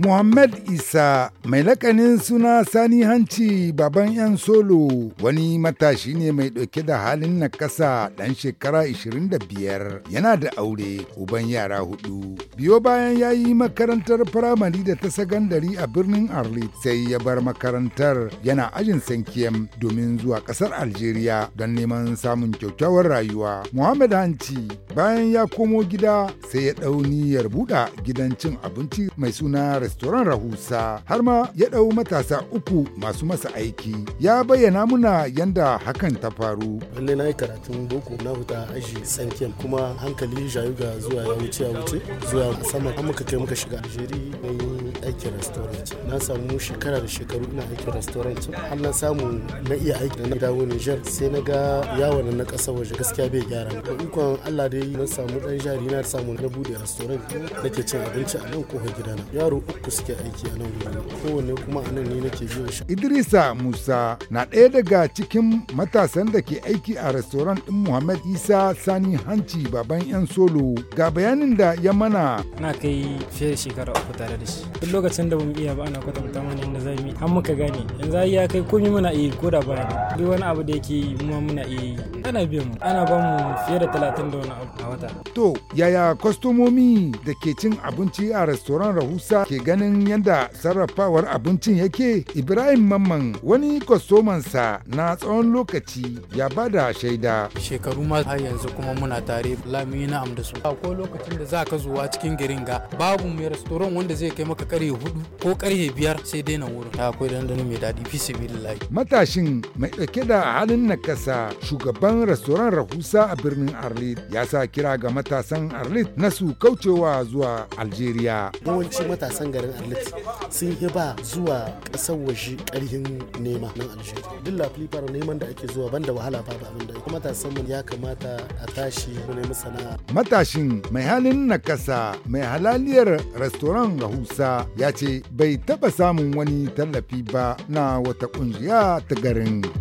Muhammad Isa mai lakanin suna Sani Hanci baban 'yan solo wani matashi ne mai ɗauke da halin na ƙasa ɗan shekara 25 yana da aure uban yara hudu. Biyo bayan ya yi makarantar firamare da ta sagandari a birnin arli sai ya bar makarantar yana ajin sankiyam domin zuwa ƙasar Algeria don neman samun kyaukyawar rayuwa. Muhammad Hanci bayan ya komo gida sai ya ɗau niyyar buɗa gidan cin abinci mai suna restoran rahusa har ma ya ɗau matasa uku masu masa aiki ya bayyana muna yanda hakan ta faru. Lallai na yi karatun boko na huta aji sankiyan kuma hankali jayu ga zuwa ya wuce ya wuce zuwa sama an muka kai muka shiga Algeria aikin restaurant na samu shekara da shekaru ina aikin restaurant har na samu na iya aiki na dawo Niger sai na ga yawon na ƙasa waje gaskiya bai gyara ba ikon Allah yi na samu dan jari na samu na bude restaurant nake cin abinci a nan kofar gidana yaro uku suke aiki a nan gurin kowanne kuma a nan ne nake biyo shi Idrisa Musa na ɗaya daga cikin matasan da ke aiki a restaurant ɗin Muhammad Isa Sani Hanci baban yan solo ga bayanin da ya mana na kai fiye da shekara uku tare da shi duk lokacin da mun iya ba ana kwatanta mana inda za mu har muka gane yanzu ai ya kai komi muna iya ko da baya duk wani abu da yake yi mu muna iya yi ana biyan mu ana ba mu fiye da talatin da wani abu a wata to yaya kwastomomi da ke cin abinci a restoran rahusa ke ganin yadda sarrafawar abincin yake ibrahim mamman wani kwastomansa na tsawon lokaci ya ba da shaida shekaru ma har yanzu kuma muna tare lamina amda su akwai lokacin da za ka zuwa cikin giringa babu mai restoran wanda zai kai maka karye hudu ko karfe biyar sai dai na wurin akwai dandano mai daɗi fi sibilillahi matashin mai ɗauke da halin nakasa shugaban restoran rahusa a birnin arlit ya sa kira ga matasan arlit na su kaucewa zuwa algeria yawanci matasan garin arlit sun yi ba zuwa ƙasar waje ƙarhin nema nan algeria duk lafifar neman da ake zuwa banda wahala ba abin da matasan mu ya kamata a tashi mu nemi sana'a matashin mai halin nakasa mai halaliyar restoran rahusa ya ce bai taɓa samun wani tallafi ba na wata ƙungiya ta garin.